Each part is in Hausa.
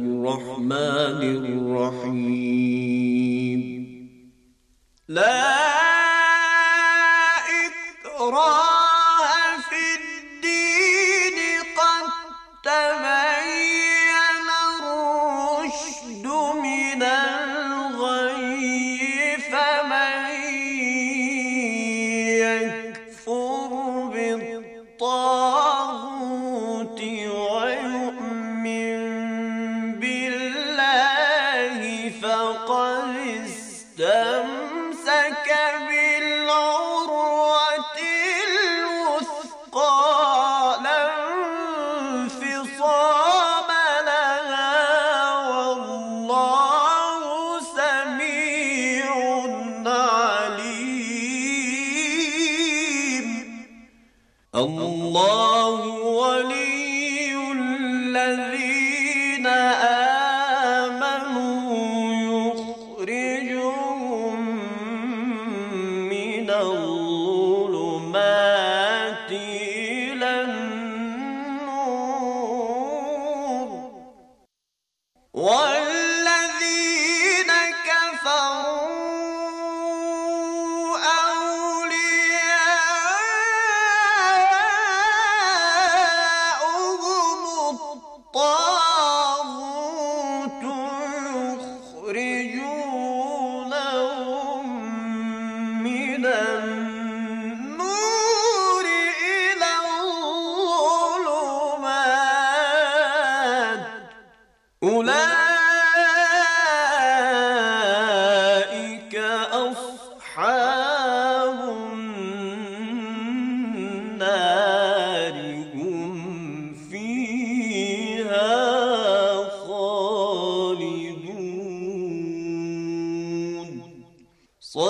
الرحمن الرحيم لا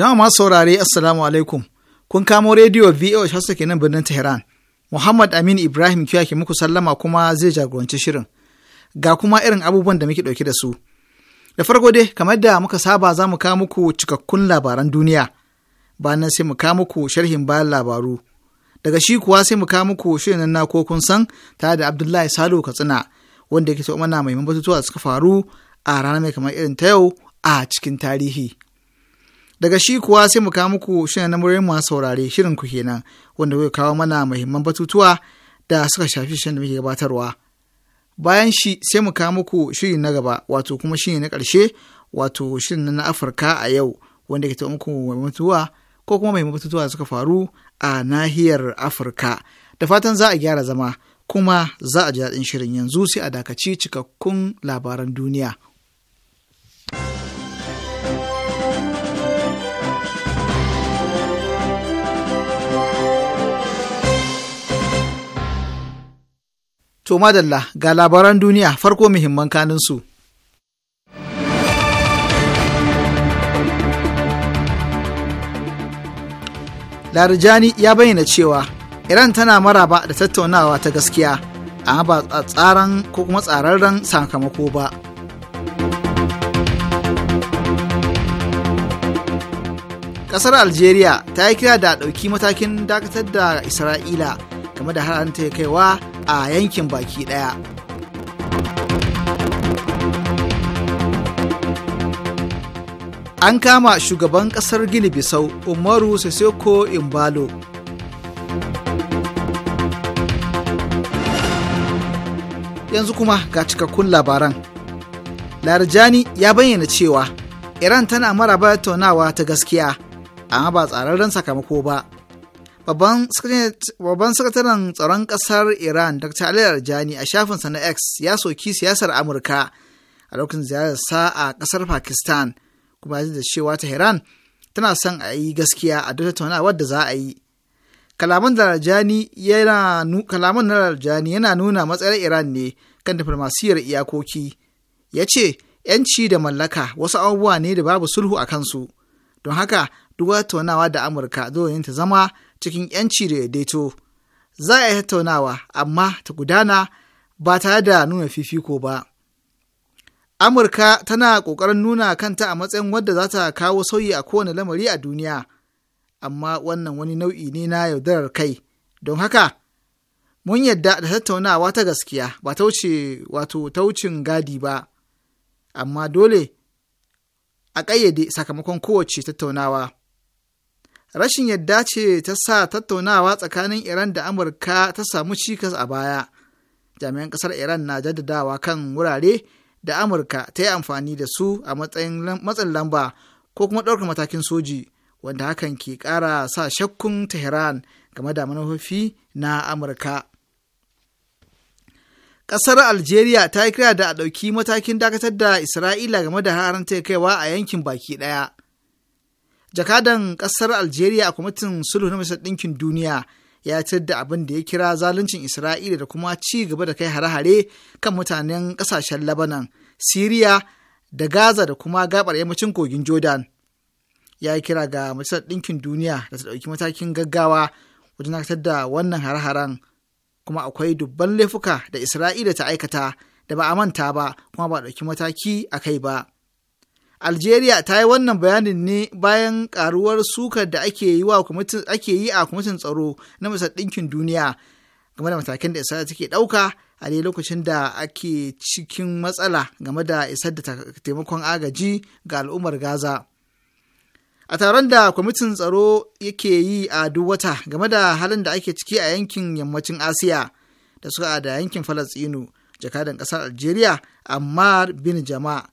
Jama'a masu saurare Assalamu alaikum. Kun kamo rediyo VO ke nan birnin Tehran. Muhammad Amin Ibrahim kiwa ke muku sallama kuma zai jagoranci shirin. Ga kuma irin abubuwan da muke ɗauki da su. Da farko dai, kamar da muka saba za mu kawo muku cikakkun labaran duniya. nan sai mu kawo muku sharhin bayan labaru. Daga shi kuwa sai mu kawo muku shirin na ko kun san tare da Abdullahi Salo Katsina wanda yake so mana mai batutuwa da suka faru a ranar mai kamar irin ta yau a cikin tarihi. daga shi kuwa sai mu kawo muku shirin na murin masu saurare shirin ku kenan wanda zai kawo mana muhimman batutuwa da suka shafi shirin da muke gabatarwa bayan shi sai mu kawo muku shiri na gaba wato kuma shiri na ƙarshe wato shirin na afirka a yau wanda ke taɓa muku mai mutuwa ko kuma muhimman batutuwa da suka faru a nahiyar afirka da fatan za a gyara zama kuma za a ji daɗin shirin yanzu sai a dakaci cikakkun labaran duniya. To madalla ga labaran duniya farko muhimman kaninsu. Larijani ya bayyana cewa Iran tana maraba da tattaunawa ta gaskiya, amma ba a tsaran ko kuma tsararren sakamako ba. Ƙasar Algeria ta yi kira da ɗauki matakin dakatar da Isra'ila game da haranta kaiwa a yankin baki ɗaya. An kama shugaban ƙasar Gini Bisau Umaru Sisoko Imbalo. Yanzu kuma ga cikakkun labaran. Larjani ya bayyana cewa Iran tana maraba tonawa ta gaskiya, amma ba tsararren sakamako ba. Babban sakataren tsaron ƙasar Iran Dr. Ali Arjani a shafinsa na X ya soki siyasar Amurka a lokacin ziyararsa a ƙasar Pakistan kuma ya da cewa Tehran tana son a yi gaskiya a duk tattaunawar da za a yi. Kalaman da Arjani yana na Arjani yana nuna matsayar Iran ne kan diflomasiyyar iyakoki. Ya ce, ‘yanci da mallaka wasu abubuwa ne da babu sulhu a kansu, don haka duk tattaunawa da Amurka dole ta zama cikin ‘yanci da daidaito. Za a yi tattaunawa, amma ta gudana ba tare da nuna fifiko ba. Amurka tana ƙoƙarin nuna kanta a matsayin wadda za ta kawo sauyi a kowane lamari a duniya, amma wannan wani nau'i ne na yaudarar kai. Don haka, mun yadda da tattaunawa ta gaskiya ba ta wuce wato ta wucin gadi ba, amma dole a ƙayyade sakamakon kowace tattaunawa. rashin yadda ce ta sa tattaunawa tsakanin Iran da Amurka ta samu cikas a baya. Jami'an ƙasar Iran na jaddadawa kan wurare da Amurka ta yi amfani da su a matsayin matsin lamba ko kuma ɗaukar matakin soji, wanda hakan ke ƙara sa shakkun Tehran game da manufofi na Amurka. Ƙasar Algeria ta yi kira da a ɗauki matakin dakatar da Isra'ila game da haranta kaiwa a yankin baki ɗaya. jakadan ƙasar algeria a kwamitin sulhu na majalisar ɗinkin duniya ya tar da abin da ya kira zaluncin isra'ila da kuma ci gaba da kai hare-hare kan mutanen ƙasashen labanan siriya da gaza da kuma gabar yammacin kogin jordan ya yi kira ga majalisar ɗinkin duniya da ta ɗauki matakin gaggawa wajen dakatar da wannan hare-haren kuma akwai dubban laifuka da isra'ila ta aikata da ba a manta ba kuma ba a ɗauki mataki a kai ba. algeria ta yi wannan bayanin ne bayan karuwar sukar da ake yi a kwamitin tsaro na masar ɗinkin duniya game da matakan da isra'ila take dauka a dai lokacin da ake cikin matsala game da isar da taimakon agaji ga al'ummar gaza a taron da kwamitin tsaro yake yi a duk wata game da halin da ake ciki a yankin yammacin asiya da suka a da yankin falastinu jakadan ƙasar algeria ammar bin jama'a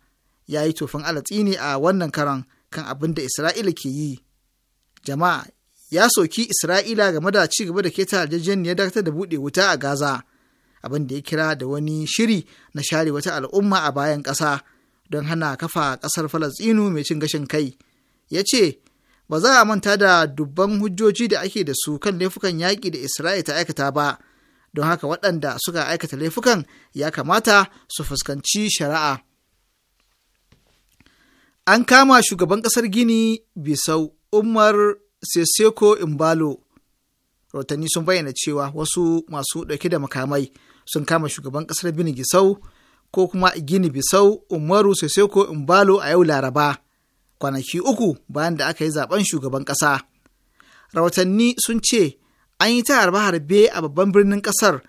ya yi tofin alatsini a wannan karan kan abin da Isra'ila ke yi. Jama'a ya soki Isra'ila game da ci gaba da keta yarjejeniyar dakatar da buɗe wuta a Gaza, abin da ya kira da wani shiri na share wata al'umma a bayan ƙasa don hana kafa ƙasar Falasɗinu mai cin gashin kai. Ya ce, ba za a manta da dubban hujjoji da ake da su kan laifukan yaƙi da Isra'ila ta aikata ba, don haka waɗanda suka aikata laifukan ya kamata su fuskanci shari'a. An kama shugaban ƙasar Gini Bisau Umar Seseko Imbalo. Rahotanni sun bayyana cewa wasu masu ɗauke da makamai sun kama shugaban ƙasar Bini Gisau ko kuma Gini Bisau Umaru Seseko Imbalo a yau Laraba, kwanaki uku bayan da aka yi zaben shugaban ƙasa. Rahotanni sun ce an yi ta harbe-harbe a babban birnin ƙasar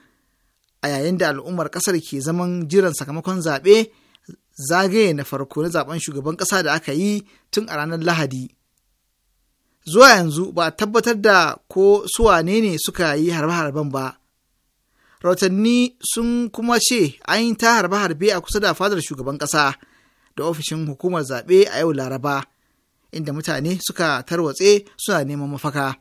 a yayin da al'ummar ƙasar ke zaman jiran sakamakon zaɓe zagaye na farko na zaben shugaban ƙasa da aka yi tun a ranar Lahadi. Zuwa yanzu ba a tabbatar da ko suwane ne suka yi harbe-harben ba. Rautanni sun kuma ce an yi ta harbe-harbe a kusa da fadar shugaban ƙasa da ofishin hukumar zaɓe a yau Laraba, inda mutane suka tarwatse suna neman mafaka.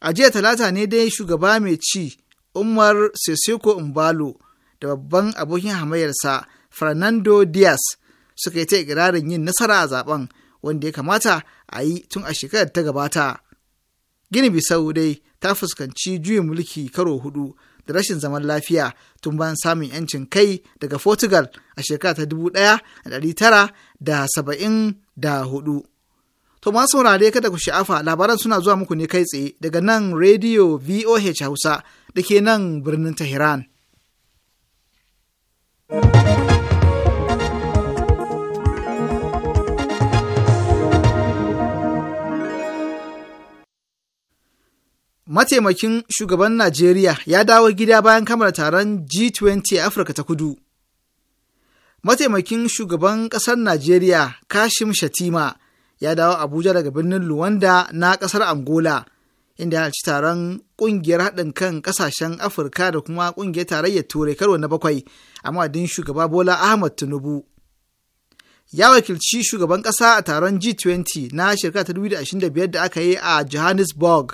A jiya talata ne dai shugaba mai ci Umar Seseko Umbalo da babban abokin hamayyarsa Fernando Diaz suka yi ta ikirarin yin nasara a zaben wanda ya kamata a yi tun a shekarar ta gabata. Gini Bisau dai ta fuskanci juyin mulki karo hudu da rashin zaman lafiya tun bayan samun 'yancin kai daga Portugal a shekara ta da 1974. To masu saurare kada ku sha'afa labaran suna zuwa muku ne kai tsaye daga nan Radio VOH Hausa da ke nan birnin Tehran. mataimakin shugaban Najeriya ya dawo gida bayan kamar taron G20 a Afirka ta Kudu. Mataimakin shugaban ƙasar Najeriya Kashim Shatima ya dawo Abuja daga birnin Luwanda na ƙasar Angola, inda ya ci taron ƙungiyar haɗin kan ƙasashen Afirka da kuma ƙungiyar tarayyar Turai karo na bakwai a madadin shugaba Bola Ahmad Tinubu. Ya wakilci shugaban ƙasa a taron G20 na shekara 2025 da aka yi a Johannesburg.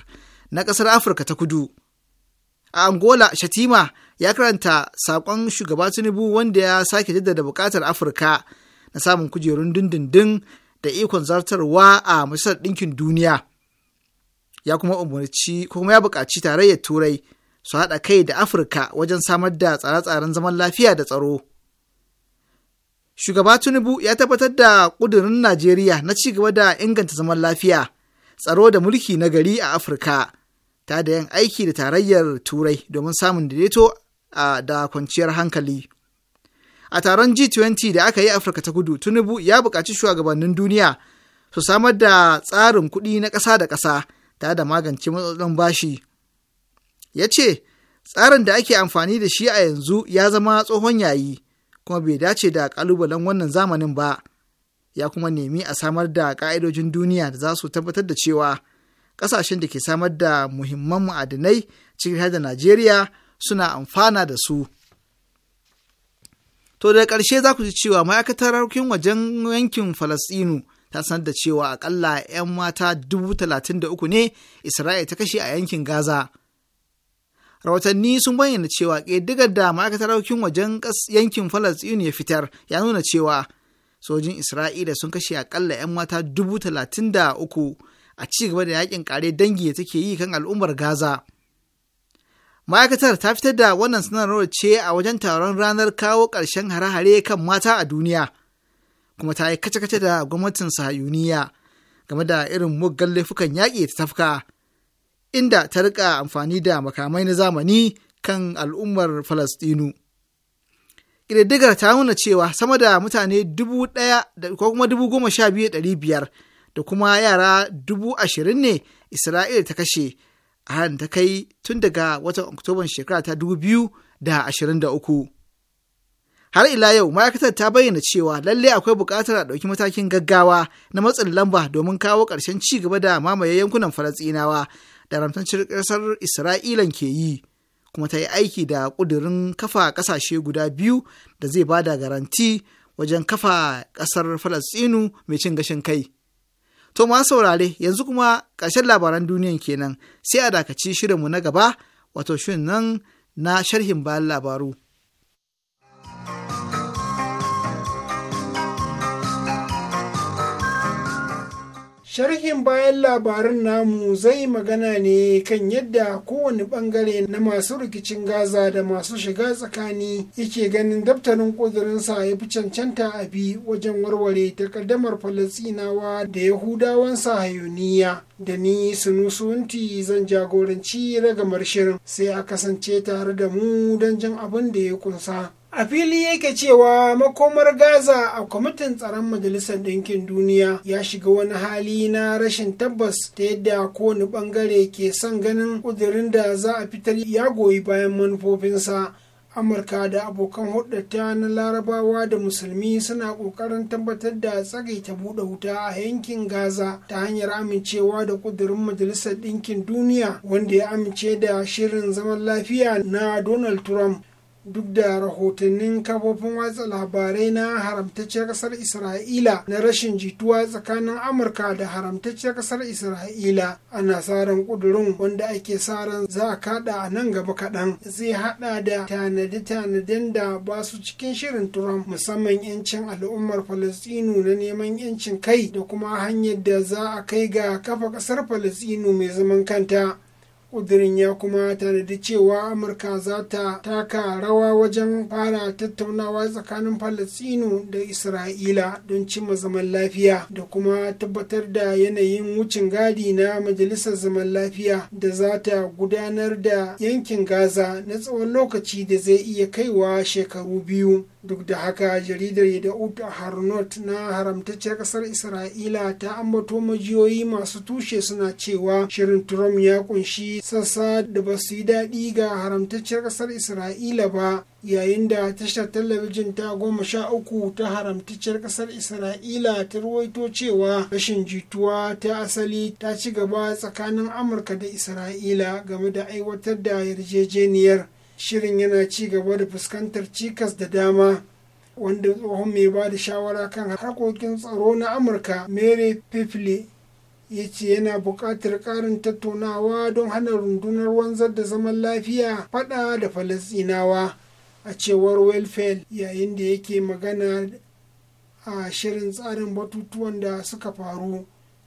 na ƙasar Afirka ta kudu. A Angola, Shatima ya karanta saƙon shugaba Tinubu wanda ya sake jaddada buƙatar Afirka na samun kujerun dindindin da ikon zartarwa a Majalisar Ɗinkin Duniya. Ya kuma umarci kuma ya buƙaci tarayyar Turai su haɗa kai da Afirka wajen samar da tsare-tsaren zaman lafiya da tsaro. Shugaba Tinubu ya tabbatar da ƙudurin Najeriya na ci gaba da inganta zaman lafiya, tsaro da mulki na gari a Afirka. ta da yin aiki da tarayyar turai domin samun daidaito da kwanciyar hankali a taron g20 da aka yi afirka ta kudu tinubu ya buƙaci shugabannin duniya su samar da tsarin kuɗi na ƙasa da ƙasa tare da magance matsalolin bashi ya ce tsarin da ake amfani da shi a yanzu ya zama tsohon yayi kuma bai dace da ƙalubalen wannan zamanin ba ya kuma nemi a samar da ƙa'idojin duniya da za su tabbatar da cewa ƙasashen da ke samar da muhimman ma'adinai cikin har da Najeriya suna amfana da su. To da ƙarshe za ku ji cewa ma'aikatar harkokin wajen yankin Falasɗinu ta sanar da cewa aƙalla 'yan mata dubu talatin da uku ne Isra'ila ta kashe a yankin Gaza. Rahotanni sun bayyana cewa ƙididdigar da ma'aikatar harkokin wajen yankin Falasɗinu ya fitar ya nuna cewa sojin Isra'ila sun kashe aƙalla 'yan mata dubu talatin da uku a ci gaba da yakin kare dangi take yi kan al'ummar Gaza. Ma'aikatar ta fitar da wannan sanarwar ce a wajen taron ranar kawo ƙarshen hare-hare kan mata a duniya, kuma ta yi kace-kace da gwamnatin sahayuniya game da irin muggan laifukan yaƙi ta tafka, inda ta riƙa amfani da makamai na zamani kan al'ummar Falastinu. Ƙididdigar ta nuna cewa sama da mutane dubu ɗaya da kuma dubu goma sha biyu ɗari biyar da kuma yara dubu ashirin ne Isra'ila ta kashe a harin ta kai tun daga watan Oktoban shekara ta dubu biyu da ashirin da uku. Har ila yau ma'aikatar ta bayyana cewa lalle akwai buƙatar a ɗauki matakin gaggawa na matsin lamba domin kawo ƙarshen ci gaba da mamaye yankunan Falasɗinawa da ramtancin ƙasar Isra'ilan ke yi. kuma ta yi aiki da ƙudurin kafa ƙasashe guda biyu da zai ba da garanti wajen kafa ƙasar Falasɗinu mai cin gashin kai. To ma saurare yanzu kuma ƙarshen labaran duniyan kenan sai a dakaci shirinmu na gaba wato shirin nan na sharhin bayan labaru. sharhin bayan labarin namu zai magana ne kan yadda kowane bangare na masu rikicin gaza da masu shiga tsakani yake ganin daftarin kudurinsa ya fi cancanta a bi wajen warware takaddamar falasinawa da yahudawan sahayoniya da ni sunusunti zan jagoranci ragamar shirin sai a kasance tare da mu don jin abin da ya kunsa a fili yake cewa makomar gaza a kwamitin tsaron majalisar ɗinkin duniya ya shiga wani hali na rashin tabbas ta yadda kowane bangare ke son ganin ƙudurin da za a fitar ya goyi bayan manufofinsa amurka da abokan hudata na larabawa da musulmi suna ƙoƙarin tabbatar da tsagaita buɗe wuta a yankin gaza ta hanyar amincewa da ƙudurin majalisar ɗinkin duniya wanda ya amince da shirin zaman lafiya na donald trump duk da rahotannin kafofin watsa labarai na haramtacciyar ƙasar isra'ila na rashin jituwa tsakanin amurka da haramtacciyar ƙasar isra'ila ana tsarin kudurin wanda ake ran za a kada a nan gaba kaɗan zai haɗa da tanade-tanaden da ba su cikin shirin trump musamman yancin al'ummar falastinu na neman yancin kai da kuma hanyar da za a kai ga kafa ƙasar falastinu mai zaman kanta ƙudirin ya kuma tanadi cewa amurka za ta taka rawa wajen fara tattaunawa tsakanin falastinu da isra'ila don cimma zaman lafiya da kuma tabbatar da yanayin wucin gadi na majalisar zaman lafiya da za ta gudanar da yankin gaza na tsawon lokaci da zai iya kaiwa shekaru biyu duk da haka jaridar yadda'ut harnot na haramtacciyar kasar isra'ila ta ambato majiyoyi masu tushe suna cewa shirin trump ya kunshi sassa da ba su yi daɗi ga haramtacciyar kasar isra'ila ba yayin da tashar talabijin ta goma sha uku ta haramtacciyar kasar isra'ila ta ruwaito cewa rashin jituwa ta asali ta ci gaba tsakanin amurka da isra'ila game da aiwatar da yarjejeniyar shirin yana ci gaba da fuskantar cikas da dama wanda tsohon mai ba da shawara kan harkokin tsaro na amurka mary pifley ya ce yana buƙatar ƙarin tattaunawa don hana rundunar wanzar da zaman lafiya faɗa da falasinawa a cewar welfare yayin da yake magana a shirin tsarin batutuwan da suka faru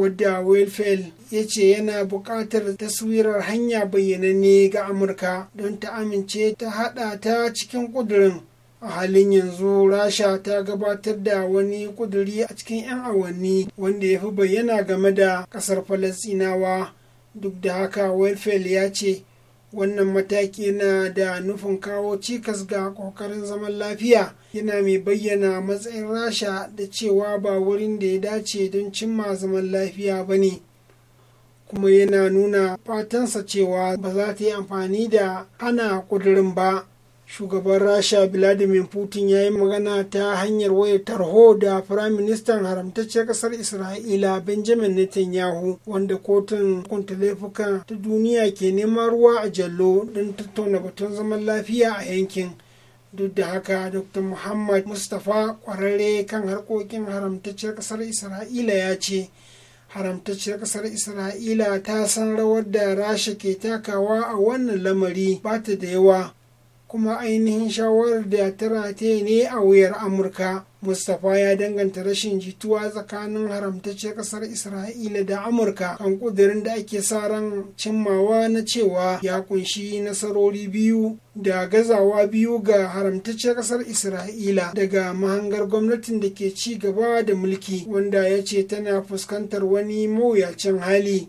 wadda welfel ya ce yana buƙatar taswirar hanya bayyananne ga amurka don ta amince ta haɗa ta cikin ƙudurin a halin yanzu rasha ta gabatar da wani ƙuduri a cikin 'yan awanni wanda ya fi bayyana game da ƙasar falasinawa duk da haka welfel ya ce wannan mataki yana da nufin kawo cikas ga kokarin zaman lafiya yana mai bayyana matsayin rasha da cewa ba wurin da ya dace don cimma zaman lafiya ba ne kuma yana nuna fatansa cewa ba za ta yi amfani da hana kudurin ba shugaban rasha vladimir putin ya yi magana ta hanyar wayar tarho da firayim ministan haramtacciyar kasar isra'ila benjamin netanyahu wanda kotun hukunta laifuka ta duniya ke neman ruwa a jallo don tattauna batun zaman lafiya a yankin duk da haka dr muhammad mustapha kwararre kan harkokin haramtacciyar kasar isra'ila ya ce haramtacciyar kasar isra'ila ta san rawar da rasha ke takawa a wannan lamari ba ta da yawa kuma ainihin shawarar da ta rataye ne a wuyar amurka mustapha ya danganta rashin jituwa tsakanin haramtacciyar kasar isra'ila da amurka kan kudirin da ake sa ran cimmawa na cewa ya kunshi nasarori biyu da gazawa biyu ga haramtacciyar kasar isra'ila daga mahangar gwamnatin da ke ci gaba da mulki wanda ya ce tana fuskantar wani mawuyacin hali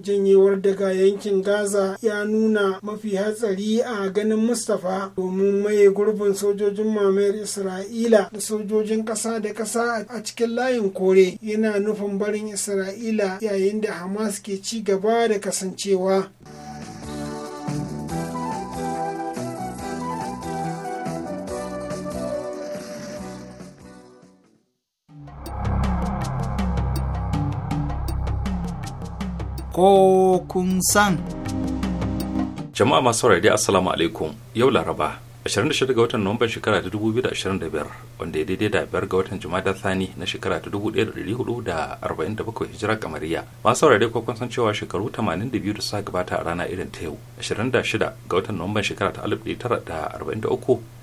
janyewar daga yankin gaza ya nuna mafi hatsari a ganin mustapha domin maye gurbin sojojin mamayar isra'ila da sojojin kasa da kasa a cikin layin kore yana nufin barin isra'ila yayin da hamas ke ci gaba da kasancewa. ko kun san. Jama'a masu saurari Assalamu alaikum yau Laraba 26 ga watan Nuwamban shekara ta 2025 wanda ya daidai da biyar ga watan Jumada Thani na shekara ta 1447 hijira kamariya. Masu saurari ko kun san cewa shekaru 82 da suka gabata a rana irin ta yau 26 ga watan Nuwamban shekara ta 1943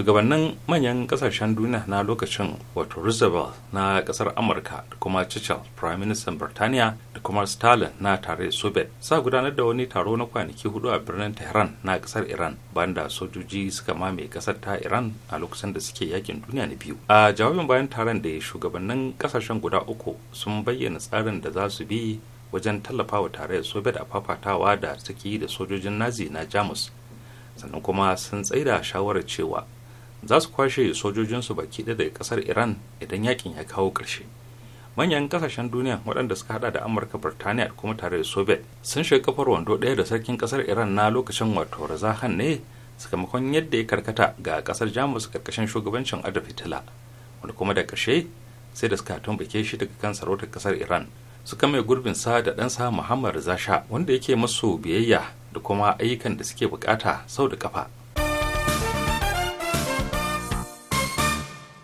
shugabannin manyan kasashen duniya na lokacin wato roosevelt na kasar amurka da kuma churchill prime minister birtaniya da kuma stalin na tare soviet sa gudanar da wani taro na kwanaki hudu a birnin tehran na kasar iran bayan da sojoji suka mame kasar ta iran a lokacin da suke yakin duniya na biyu a jawabin bayan taron da shugabannin kasashen guda uku sun bayyana tsarin da za su bi wajen tallafawa tarayyar soviet a fafatawa da suke da sojojin nazi na jamus sannan kuma sun tsaida shawarar cewa za su kwashe sojojinsu baki ɗaya daga ƙasar iran idan yakin ya kawo ƙarshe manyan ƙasashen duniya waɗanda suka hada da amurka birtaniya da kuma tare da soviet sun shiga kafar wando ɗaya da sarkin ƙasar iran na lokacin wato razahan ne sakamakon yadda ya karkata ga ƙasar jamus karkashin shugabancin adolf hitler wanda kuma da ƙarshe sai da suka tumbake shi daga kan sarautar ƙasar iran suka mai gurbin sa da ɗansa muhammad zasha wanda yake masu biyayya da kuma ayyukan da suke bukata sau da kafa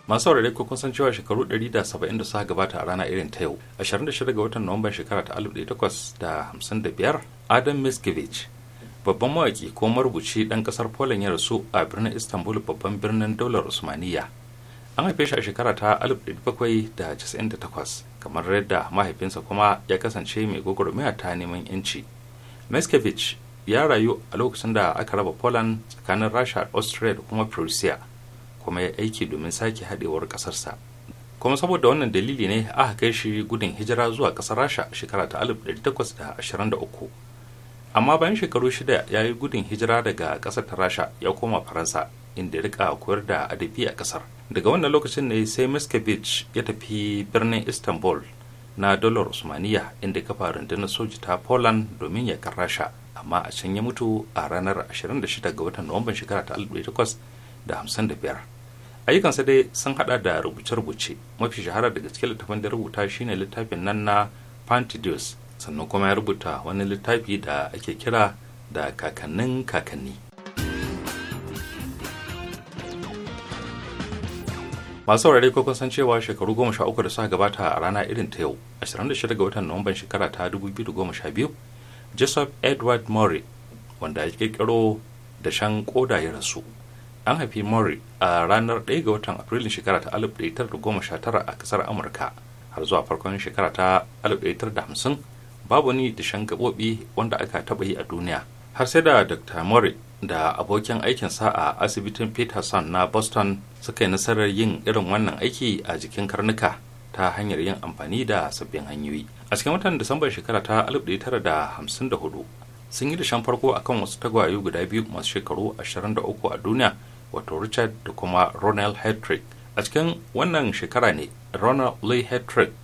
masu aure ko kun san cewa shekaru 170 da suka gabata a rana irin ta yau 26 ga watan nuwamban shekara ta 1855 adam miskevich babban mawaki ko marubuci dan kasar poland ya rasu a birnin istanbul babban birnin daular usmaniya an haife shi a shekara ta 1798 kamar yadda mahaifinsa kuma ya kasance mai gwagwarmaya ta neman yanci miskevich ya rayu a lokacin da aka raba poland tsakanin rasha austria da kuma prussia kuma ya aiki domin sake haɗewar ƙasarsa kuma saboda wannan dalili ne aka kai shi gudun hijira zuwa ƙasar rasha shekara ta 1823 amma bayan shekaru shida ya yi gudun hijira daga ƙasar ta rasha ya koma faransa inda ya rika koyar da adabi a ƙasar daga wannan lokacin ne sai miskevich ya tafi birnin istanbul na dolar usmaniya inda kafa rundunar soji ta poland domin ya kan rasha amma a can ya mutu a ranar 26 ga watan nuwamban shekara ta 1855 ayyukansa dai sun hada da rubuce-rubuce mafi shahara daga cikin littafin da rubuta shine littafin nan na pantidius sannan kuma ya rubuta wani littafi da ake kira da kakannin kakanni masu saurare ko san cewa shekaru goma sha uku da suka gabata a rana irin ta yau 26 ga watan nuwamban shekara ta 2012 joseph edward murray wanda ya kirkiro dashen koda ya rasu an haifi mori a ranar 1 ga watan afrilun shekara ta 1919 a kasar amurka har zuwa farkon shekara ta 1950 babu ni da shan gabobi wanda aka taba yi a duniya har sai da dr mori da abokin aikinsa a asibitin peterson na boston suka yi nasarar yin irin wannan aiki a jikin karnuka ta hanyar yin amfani da sabbin hanyoyi a cikin watan disambar shekara ta 1954 sun yi dashen farko akan wasu tagwaye guda biyu masu shekaru 23 a duniya wato richard da kuma ronald hedrick a cikin wannan shekara ne ronald lee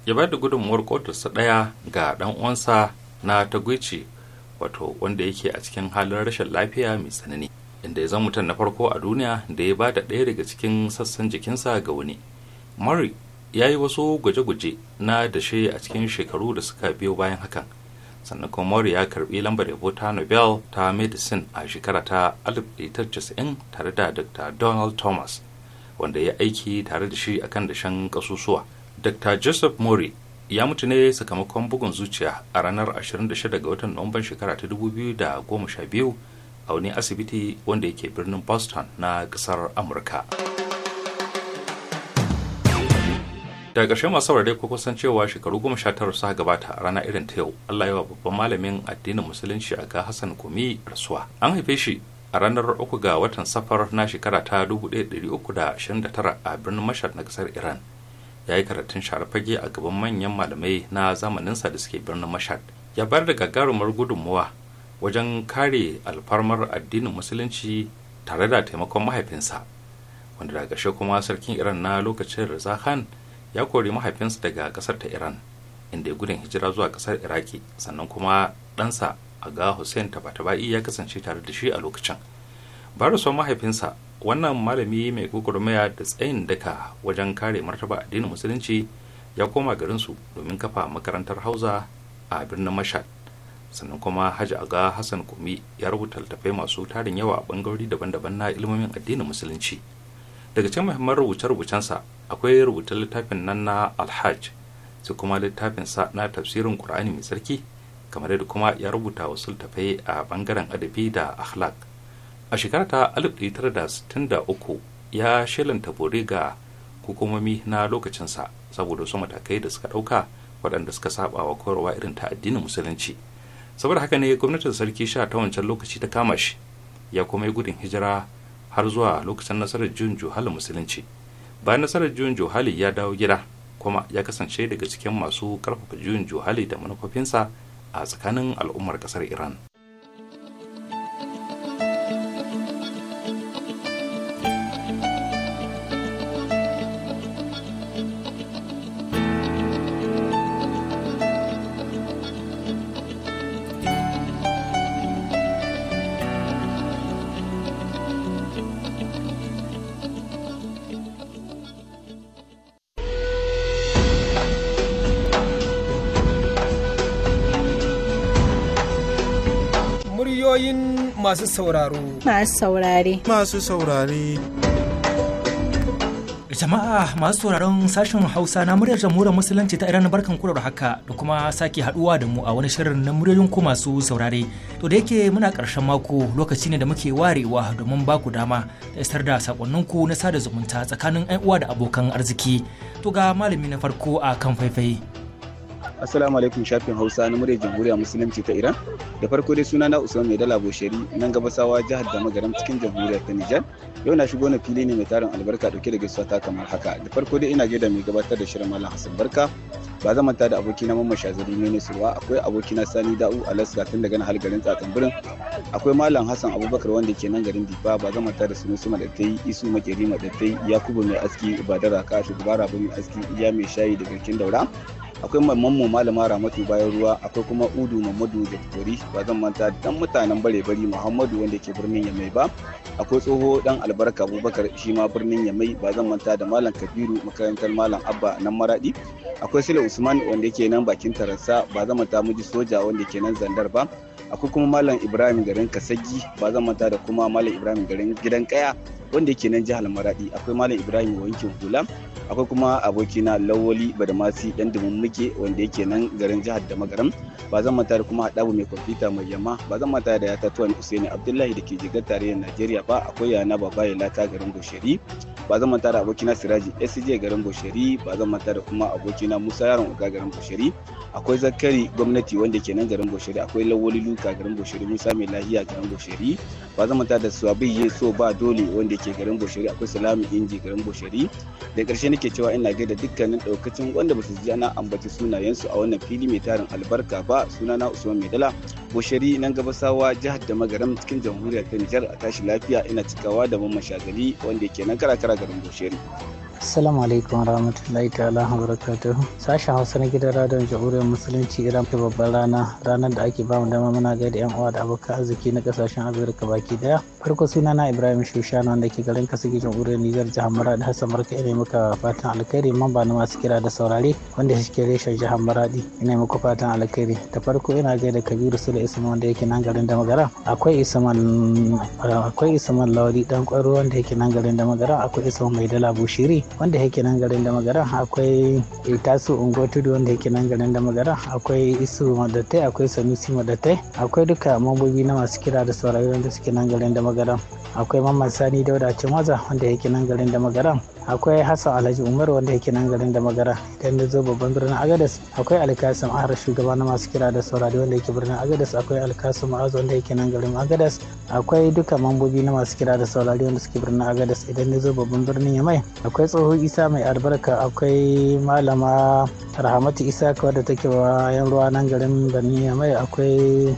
ya ba da gudunmuwar kotarsa ɗaya ga ɗan uwansa na Taguchi wato wanda yake a cikin halin rashin lafiya mai tsanani inda ya zama mutum na farko a duniya da ya ba da ɗaya daga cikin sassan jikinsa ga wani murray ya yi wasu gwaje-gwaje na dashe a cikin shekaru da suka biyo bayan hakan sannan kuma mori ya karbi lambar yabo ta nobel ta medicine a shekara ta 1990 tare da dr donald thomas wanda ya aiki tare da shi akan dashen kasusuwa dr joseph mori ya mutu ne sakamakon bugun zuciya a ranar 26 ga watan nuwamban shekara ta 2012 a wani asibiti wanda yake birnin boston na kasar amurka Da ƙarshe masu saurare ko kusan cewa shekaru goma sha tara su gabata a rana irin ta yau allah yawa babban malamin addinin musulunci a ga hassan kumi rasuwa an haife shi a ranar uku ga watan safar na shekara ta tara a birnin mashar na ƙasar iran ya yi karatun sharafage a gaban manyan malamai na zamaninsa da suke birnin mashad ya bayar da gagarumar gudunmuwa wajen kare alfarmar addinin musulunci tare da taimakon mahaifinsa wanda daga kuma sarkin iran na lokacin Reza ya kori mahaifinsa daga kasar ta iran inda ya gudun hijira zuwa kasar iraki sannan kuma ɗansa aga hussein tabatabai ya kasance tare da shi a lokacin son mahaifinsa wannan malami mai gugurmaya da tsayin daka wajen kare martaba addinin musulunci ya koma garinsu domin kafa makarantar hausa a birnin mashad sannan kuma hajji aga hassan kumi ya rubuta littattafai masu tarin yawa a bangarori daban-daban na ilmomin addinin musulunci daga can muhimman rubuce-rubucensa akwai rubuta littafin nan na alhaj sai kuma littafin sa na tafsirin qur'ani mai tsarki kamar yadda kuma ya rubuta wasu littafai a bangaren adabi da akhlaq a shekara ta 1963 ya shelanta bore ga hukumomi na lokacinsa saboda wasu matakai da suka dauka waɗanda suka saba wa koyarwa irin ta addinin musulunci saboda haka ne gwamnatin sarki sha ta wancan lokaci ta kama shi ya kuma yi gudun hijira har zuwa lokacin nasarar juyin juhalin musulunci bayan nasarar juyin johali ya dawo gida kuma ya kasance daga cikin masu karfafa juyin johali da manufofinsa a tsakanin al'ummar kasar iran masu sauraro. Masu saurare. Masu saurare. Jama'a masu sauraron sashen Hausa na muryar jamhuriyar Musulunci ta Iran barkan kura da haka da kuma sake haduwa da mu a wani shirin na muryoyin ku masu saurare. To da yake muna karshen mako lokaci ne da muke warewa domin ba ku dama da isar da sakonninku na sada zumunta tsakanin 'yan uwa da abokan arziki. To ga malami na farko a kan faifai. Assalamu alaikum shafin Hausa na murya Jamhuriyar Musulunci ta Iran. Da farko dai suna na Usman Mai Dala Bosheri nan gabasawa jihar Damagaram cikin Jamhuriyar ta Nijar. Yau na shigo na fili ne mai tarin albarka dauke da gaisuwa ta kamar haka. Da farko dai ina gaida mai gabatar da shirin Malam Hassan Barka. Ba zan manta da na Mamman Shazali ne Surwa akwai abokina Sani Da'u Alaska tun daga har garin Tsatsanbirin. Akwai Malam Hassan Abubakar wanda ke nan garin Difa ba zan manta da Sunusu Madattai Isu Makeri Madattai Yakubu Mai Aski Ibadar Raka Shugaba Rabu Mai Aski Iya Mai Shayi da Garkin Daura. akwai mamman mu malama ramatu bayan ruwa akwai kuma udu mamadu da tukuri ba zan manta dan mutanen bare bari muhammadu wanda ke birnin yamai ba akwai tsoho dan albarka abubakar shi ma birnin yamai ba zan manta da malam kabiru makarantar malam abba nan maradi akwai sule usman wanda ke nan bakin taransa ba zan manta miji soja wanda ke nan zandar ba akwai kuma malam ibrahim garin kasagi ba zan manta da kuma malam ibrahim garin gidan kaya wanda yake nan jihar maradi akwai malam ibrahim wankin hula akwai kuma abokina lawoli badamasi dan dumin muke wanda yake nan garin jihar da magaram ba zan manta da kuma haɗabu mai kwamfuta mai yamma ba zan manta da yata tuwan usaini abdullahi da ke jigar tarayyar najeriya ba akwai yana baba ya lata garin gosheri ba zan manta da abokina siraji scj garin gosheri ba zan manta da kuma abokina musa yaron uga garin gosheri akwai zakari gwamnati wanda ke nan garin gosheri akwai lawoli luka garin gosheri musa mai lahiya garin gosheri ba zan manta da suwabi yeso ba dole wanda ke garin Boshari akwai Salami Inji garin Boshari. Da ƙarshe nake cewa ina gaida dukkanin ɗaukacin wanda ba su ji ana ambaci sunayensu a wannan fili mai tarin albarka ba sunana Usman Maidala Boshari nan sawa jihar da magaram cikin jamhuriyar ta Nijar a tashi lafiya ina cikawa da mamman shagali wanda ke nan karakara garin Boshari. Assalamu alaikum warahmatullahi ta'ala barakatuh. Sashen Hausa na gidan radon jamhuriyar Musulunci Iran ta babbar rana ranar da ake bamu dama muna gaida yan uwa da abokan arziki na kasashen Afirka baki daya. Farko suna na Ibrahim Shushana wanda ke garin jin jamhuriyar Nijar jihar Maradi Hassan Marka ina maka fatan alkhairi mamba na masu kira da saurare wanda ke reshen jihar Maradi ina maka fatan alkhairi ta farko ina gaida Kabiru Sule Isman wanda yake nan garin da magara akwai Isman akwai Isman Lawli dan kwaro wanda yake nan garin da magara akwai Isman maidala Bushiri wanda yake nan garin da magara akwai Itasu Ungo wanda yake nan garin da magara akwai Isu Madatai akwai Sanusi Madatai akwai duka mambobi na masu kira da saurare wanda suke nan garin da magara akwai Mamman Sani Dauda wadace maza wanda yake nan garin da magara akwai hassan alhaji umar wanda yake nan garin da magara idan da zo babban birnin agadas akwai alkasim ahar shugaba na masu kira da saurari wanda yake birnin agadas akwai alkasim ma'azu wanda yake nan garin agadas akwai duka mambobi na masu kira da saurari wanda suke birnin agadas idan da zo babban birnin yamai akwai tsoho isa mai albarka akwai malama rahamatu isa wadda take bayan ruwa nan garin birnin yamai akwai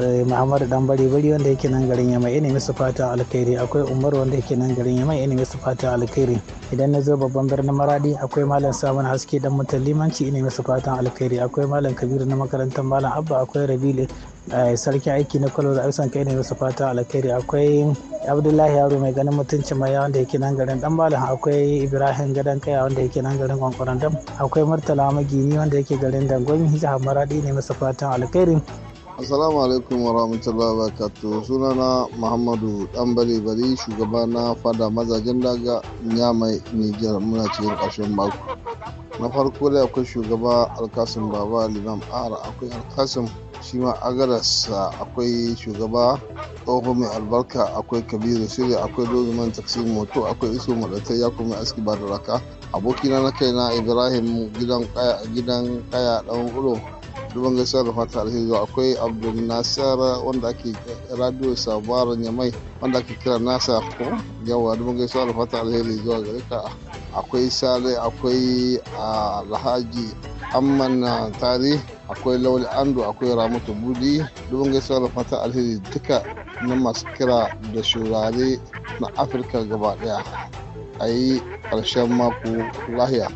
eh, muhammadu dan bari bari wanda yake nan garin yamai ina musu fatan alkhairi akwai umar wanda ke nan garin yamai ina fatan alkhairi idan na zo babban birnin maradi akwai malam samun haske dan mutan limanci ina masu fatan alkhairi akwai malam kabiru na makarantar malam abba akwai rabile eh, sarki aiki na da aisan kai ne masu fatan alkhairi akwai abdullahi yaro mai ganin mutunci mai wanda yake nan garin dan malam akwai ibrahim gadan kaya wanda yake nan garin kwankwaran dam akwai murtala magini wanda yake garin dangwami jihar maradi ne masu fatan alkhairi Assalamu alaikum wa rahmatullahi wa barakatu sunana Muhammadu Ɗanbali Bari shugaba na fada mazajen daga Nyamai Nijar muna cikin ƙarshen mako. Na farko da akwai shugaba Alkasim Baba Limam Ahar akwai Alkasim shi ma agarasa akwai shugaba tsoho mai albarka akwai kabiru shirya akwai man taksi moto akwai iso maɗatai ya kuma aski ba da raka abokina na kaina ibrahim gidan kaya dan ulo duban gaisuwa da fata alheri akwai abdul nasara wanda ake radio sabarin yamai wanda ake kira nasa ko yawa duban gaisuwa da fata alheri zuwa gare ka akwai sale akwai alhaji amman tari akwai lauli ando akwai ramatu budi duban gaisuwa da fata alheri duka na masu kira da shurare na afirka gaba daya a yi ƙarshen mako lahiya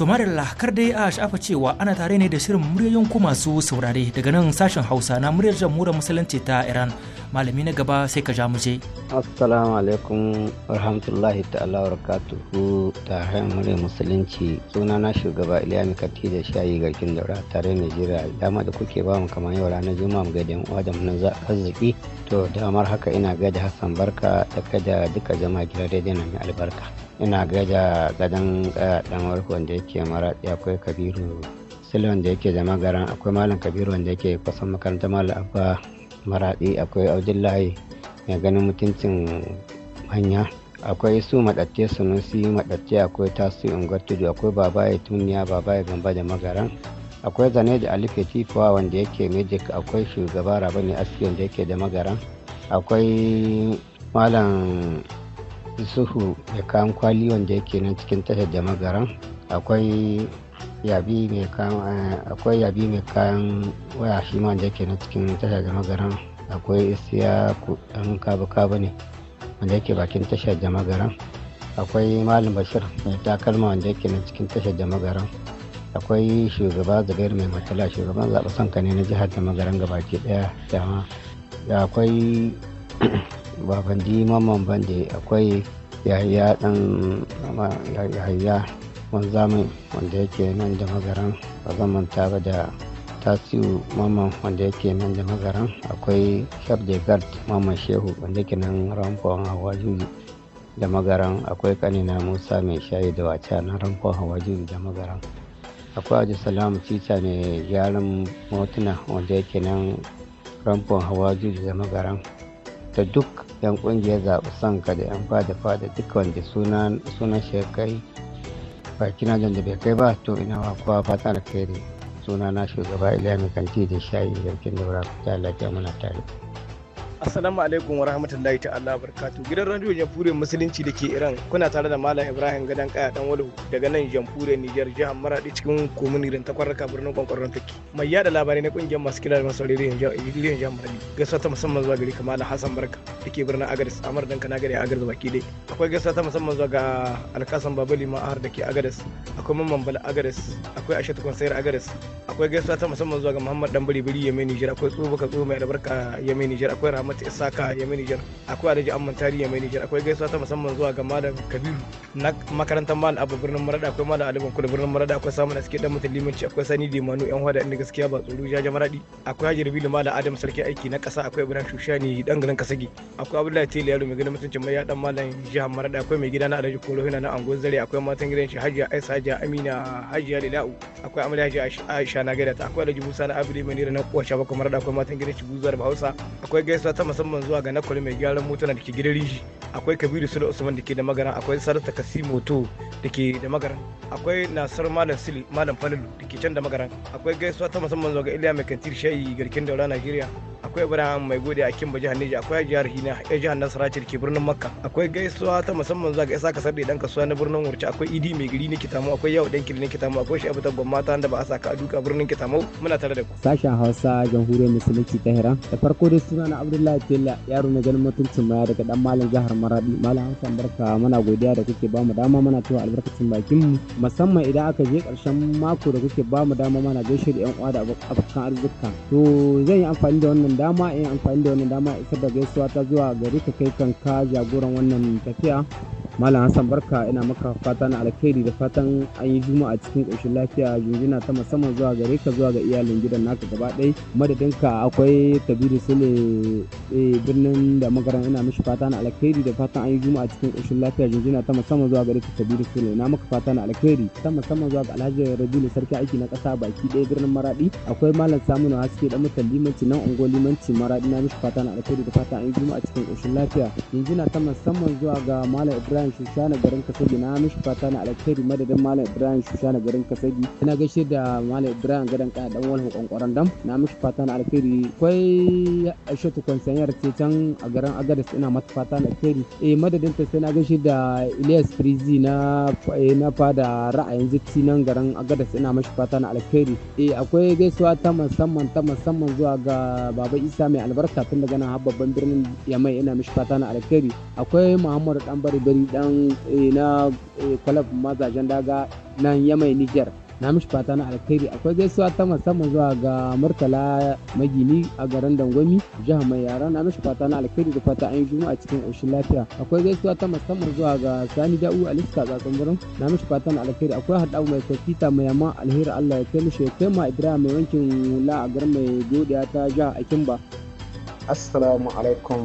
To Marilla kar dai a shafa cewa ana tare ne da shirin muryoyin ku masu saurare daga nan sashen Hausa na muryar jamhuriyar musulunci ta Iran. Malami na gaba sai ka ja mu je. Assalamu alaikum warahmatullahi ta'ala barakatuhu ta muryar musulunci suna na shugaba Iliya Mikati da shayi garkin daura tare Najeriya dama da kuke bamu kamar yau ranar Juma'a mu gaida yan uwa da arziki to damar haka ina gaida Hassan Barka da kada duka jama'a gidan na mai albarka. ina gaida gadon eh, dan warko wanda yake maraɗi akwai kabiru sila wanda yake da magaran akwai malam kabiru wanda yake kusan makaranta malam abba maraɗi akwai abdullahi mai ganin mutuncin hanya akwai su maɗatte sunusi maɗatte akwai tasu unguwar tudu akwai babaye tuniya babaye gamba da magaran akwai zane da alife tifuwa wanda yake magic akwai shugaba rabani aski wanda yake da magaran akwai malam isuhu mai kayan kwali wanda yake nan cikin tashar jamagaran akwai yabi mai kayan eh, akwai yabi mai kayan waya shi ma wanda yake nan cikin tashar jamagaran akwai isiya ɗan kabu-kabu ne wanda yake bakin tashar jamagaran akwai malam bashir mai takalma wanda yake nan cikin tashar jamagaran akwai shugaba zubairu mai matala shugaban zaɓe son ne na jihar jamagaran gabaki ɗaya dama akwai babandi mamman bande akwai yahaya dan yahaya zamani wanda yake nan da magaran ba zan manta ba da tasiu mamman wanda yake nan da magaran akwai shaf de gard mamman shehu wanda yake nan ramfon hawa juji da magaran akwai kanina musa mai shayi da wace na ramfon hawa juji da magaran akwai aji salamu cica mai gyaran motuna wanda yake nan ramfon hawa juji da magaran da duk 'yan ƙungiyar zaɓi ka da 'yan fada-fada duka wanda sunan shi kai baki na da bai kai ba to ina wa kowa fata ne suna na shugaba iliya mai kanti da shayi yankin da wura ta lafiya muna tare. Assalamu alaikum wa rahmatullahi ta'ala barkatu. Gidan radio Jamhuriyar Musulunci da ke Iran kuna tare da Malam Ibrahim Gadan Kaya Dan Wado daga nan Jamhuriyar Nijar jihar Maradi cikin komunirin ta kwarraka birnin kwankwaron take. Mai yada labarai na kungiyar masu kira da masu rediyon jihar Maradi. Gaisuwa ta musamman zuwa gari kamar Hassan Barka da ke birnin Agadis Amar Danka na gari Agadis baki dai. Akwai gaisuwa ta musamman zuwa ga Alkasan Babali Ma'ar da ke Agadis. Akwai Mamman Bala Agadis. Akwai Aisha Tukun Sayar Agadis. Akwai gaisuwa ta musamman zuwa ga Muhammad Dan Biri Biri Yemen Nijar. Akwai Tsohuwa Tsohuwa Mai Albarka Yemen Nijar. Akwai Rahman isa ka ya mai Niger akwai Alhaji Amman Tari ya mai Niger akwai gaisuwa ta musamman zuwa ga Malam Kabiru na makarantar Malam Abu birnin Marada akwai Malam Ali kudu birnin Marada akwai Samun Aske dan mutum limanci akwai Sani Dimanu yan hada inda gaskiya ba tsoro ya ja maradi akwai Haji bilu Malam Adam sarki aiki na kasa akwai Ibrahim Shushani dan garin Kasagi akwai Abdullahi Tele yaro mai gina mutunci mai ya dan Malam jiha Marada akwai mai gida na Alhaji kolo hina na Angon Zare akwai matan gidan shi Hajiya Aisha Hajiya Amina Hajiya Lila'u akwai Amarya Hajiya Aisha na gaida ta akwai Alhaji Musa na Abdi Manira na kowace bakwai Marada akwai matan gidan shi buzuwar Bahausa akwai gaisuwa ta musamman zuwa ga nakwari mai gyaran motuna da ke gidan riji akwai kabiru sule usman da ke da magana akwai sarata kasimoto da ke da magana akwai nasar malam sil malam falilu da ke can da magana akwai gaisuwa ta musamman zuwa ga iliya mai kantir shayi garkin daura nigeria akwai ibrahim mai gode a kimba jihar neja akwai jihar hina a jihar nasaraci da ke birnin makka akwai gaisuwa ta musamman zuwa ga isa kasar da dan kasuwa na birnin wurce akwai idi mai gari ne kitamu akwai yau dan kiri ne kitamu akwai shi abu abutan gwamnati da ba a saka a duka birnin kitamu muna tare da ku sashen hausa jamhuriyar musulunci ta hira da farko dai suna na abdullahi Abdullahi Tela yaro na ganin mutuncin maya daga dan malam jihar Maradi malam Hassan barka mana godiya da kuke bamu dama mana cewa albarkacin bakin mu musamman idan aka je karshen mako da kuke bamu dama mana gaishe da yan uwa da abokan arzika to zan yi amfani da wannan dama in amfani da wannan dama isa da gaisuwa ta zuwa gari ka kai kanka jagoran wannan tafiya malam hassan barka ina maka fata na alkhairi da fatan an yi juma'a cikin ƙoshin lafiya jinjina ta musamman zuwa gare ka zuwa ga iyalin gidan naka gaba ɗaya madadin ka akwai kabiru sule eh, birnin da magaran ina mishi fata na alkhairi da fatan an yi juma'a cikin ƙoshin lafiya jinjina ta musamman zuwa gare ka kabiru sule ina maka fata na alkhairi ta musamman zuwa ga alhaji Rabiu sarki aiki na ƙasa baki ɗaya birnin Maraɗi akwai malam saminu haske dan mutan limanci nan ungo limanci Maraɗi na mishi fata na alkhairi da fatan an yi juma'a cikin ƙoshin lafiya jinjina ta musamman zuwa ga malam ibrahim Ibrahim Shushana garin Kasagi na mishi fata na alkhairi madadin Malam Ibrahim Shushana garin Kasagi ina gaishe da Malam Ibrahim gadan ka dan wani kwankwaran dam na mishi fata na alkhairi kwai Aishatu Kwansanyar ce can a garin Agadez ina mata fata na alkhairi eh madadin ta sai na gaishe da Ilyas Frizi na eh, na fada ra'ayin zitsi nan garin Agadez ina mishi fata na alkhairi eh akwai gaisuwa ta musamman ta musamman zuwa ga Baba Isa mai albarka tun daga nan har babban birnin Yamai ina mishi fata na alkhairi akwai Muhammadu Dan Bari Bari dan eh, na kwalab eh, mazajen daga nan yamai niger na mishi fata na alkhairi akwai gaisuwa ta musamman zuwa ga murtala magini a garin dangwami jihar mai yara na mishi fata na alkhairi da fata an a cikin ƙoshin lafiya akwai gaisuwa ta musamman zuwa ga sani da'u a lista tsatsan birnin na mishi fata na alkhairi akwai haɗa mai sofita mai yamma alheri allah ya kai mishi ya kai ma ibrahim mai wankin hula a garin mai godiya ta jihar akimba assalamu alaikum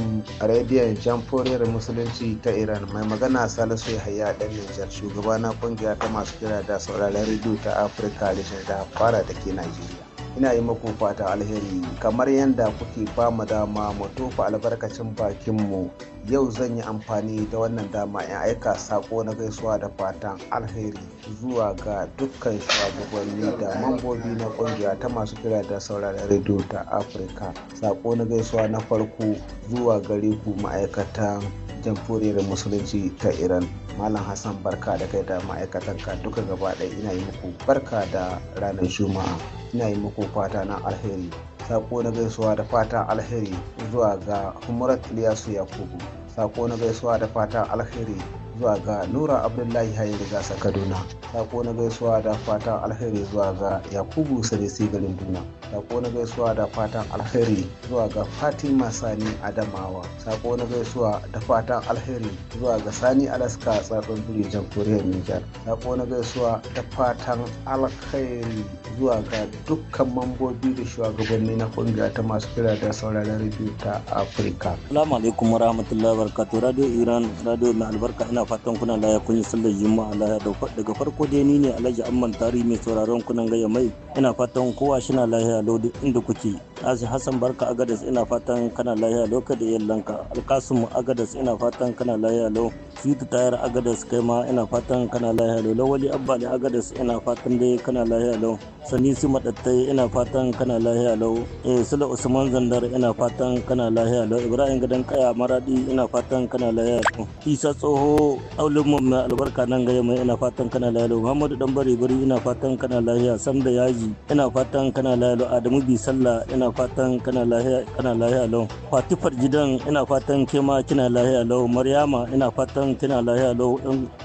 arabian jamforiyar musulunci ta iran mai magana salisu yahaya dan nijar shugaba na kungiya ta masu kira da sauraron rediyo ta afirka da fara da ke nigeria. ina yi muku fata alheri kamar yadda kuke ba mu dama mu tofa albarkacin bakinmu yau zan yi amfani da wannan dama in aika sako na gaisuwa da fatan alheri zuwa ga dukkan shugabanni da mambobi na kungiya ta masu kira da sauraron rediyo ta afirka sako na gaisuwa na farko zuwa gare ku ma'aikatan jamhuriyar musulunci ta iran malam hassan barka da kai da ma'aikatanka duka gaba ɗaya ina yi muku barka da ranar juma'a ina yi muku fata na alheri sako na gaisuwa da fatan alheri zuwa ga humrat iliyasu yakubu sako na gaisuwa da fatan alheri zuwa ga nura abdullahi hayi gasa kaduna sako na gaisuwa da fatan alheri zuwa ga yakubu sarisi garin duna sako na gaisuwa da fatan alheri zuwa ga fatima sani adamawa sako na gaisuwa da fatan alheri zuwa ga sani alaska tsatsun biri jamhuriyar nijar sako na gaisuwa da fatan alheri zuwa ga dukkan mambobi da shugabanni na kungiya ta masu kira da sauraron rediyo ta afirka salamu alaikum warahmatullahi wabarakatuh radio iran radio na albarka ina fatan kuna laya kun yi sallar juma'a laya daga farko dai ni ne alhaji amman tari mai sauraron kunan gaya mai ina fatan kowa shina lahiya lodi inda kuke azi hassan barka agadas ina fatan kana lahiya lokacin da yallanka alkasum agadas ina fatan kana lahiya lau ta tayar Agadas kai ma ina fatan kana lahiya lau. Lawali Abba da Agadas ina fatan dai kana lahiya lau. Sanisi Madattai ina fatan kana lahiya lau. Eh Sula Usman Zandar ina fatan kana lahiya lau. Ibrahim Gadan Kaya Maradi ina fatan kana lahiya lau. Isa Tsoho Aulun mai albarka nan gaya mai ina fatan kana lahiya lau. Muhammadu Dan Bari Bari ina fatan kana lahiya. Sanda Yaji ina fatan kana lahiya lau. Adamu Bisalla ina fatan kana lahiya kana lahiya lau. Fatifar Gidan ina fatan kema kina lahiya lau. Maryama ina fatan kan kina lafiya lau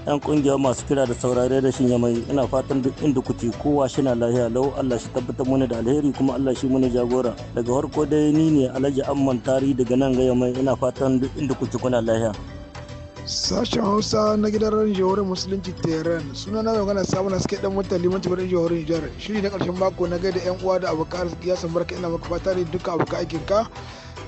yan kungiyar masu kira da saurare da shin mai ina fatan duk inda kuke kowa shina lahiya lau Allah shi tabbatar mana da alheri kuma Allah shi mana jagora daga farko dai ni ne Alhaji Amman Tari daga nan ga mai ina fatan duk inda kuke kuna lahiya sashen hausa na gidan ran jihohin musulunci tehran suna na magana sabon suke dan mutane limanci barin jihohin jihar shiri na karshen mako na gaida yan uwa da abokan arziki ya san barka ina maka fata da duka abokan aikin ka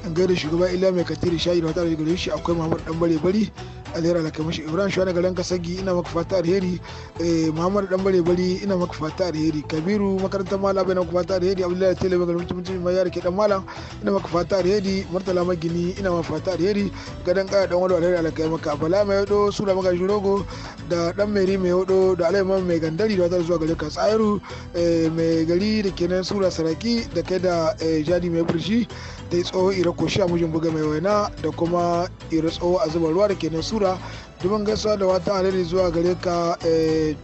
in gaida shugaban ila mai katiri shayi da wata gare shi akwai muhammad dan bare bari alheri alakamashi ibrahim shuwa daga ranka sagi ina maka fata alheri eh, muhammad dan bare bari ina maka fata alheri kabiru makarantar malam bai na maka fata alheri abdullahi tele mai garin mutum mai yare ke dan malam ina maka fata alheri murtala magini ina maka fata alheri gadan kaya dan wani alheri alakai maka bala mai yado sura maka rogo da dan meri mai yado da alaiman mai gandari da wata zuwa gare ka tsairu eh, mai gari da kenan sura saraki da kai da eh, jadi mai burshi dai tsoho ira ko sha mujin buga mai waina da kuma ira tsoho a zuba ruwa da ke sura dubin gaisuwa da wata alheri zuwa gare ka eh,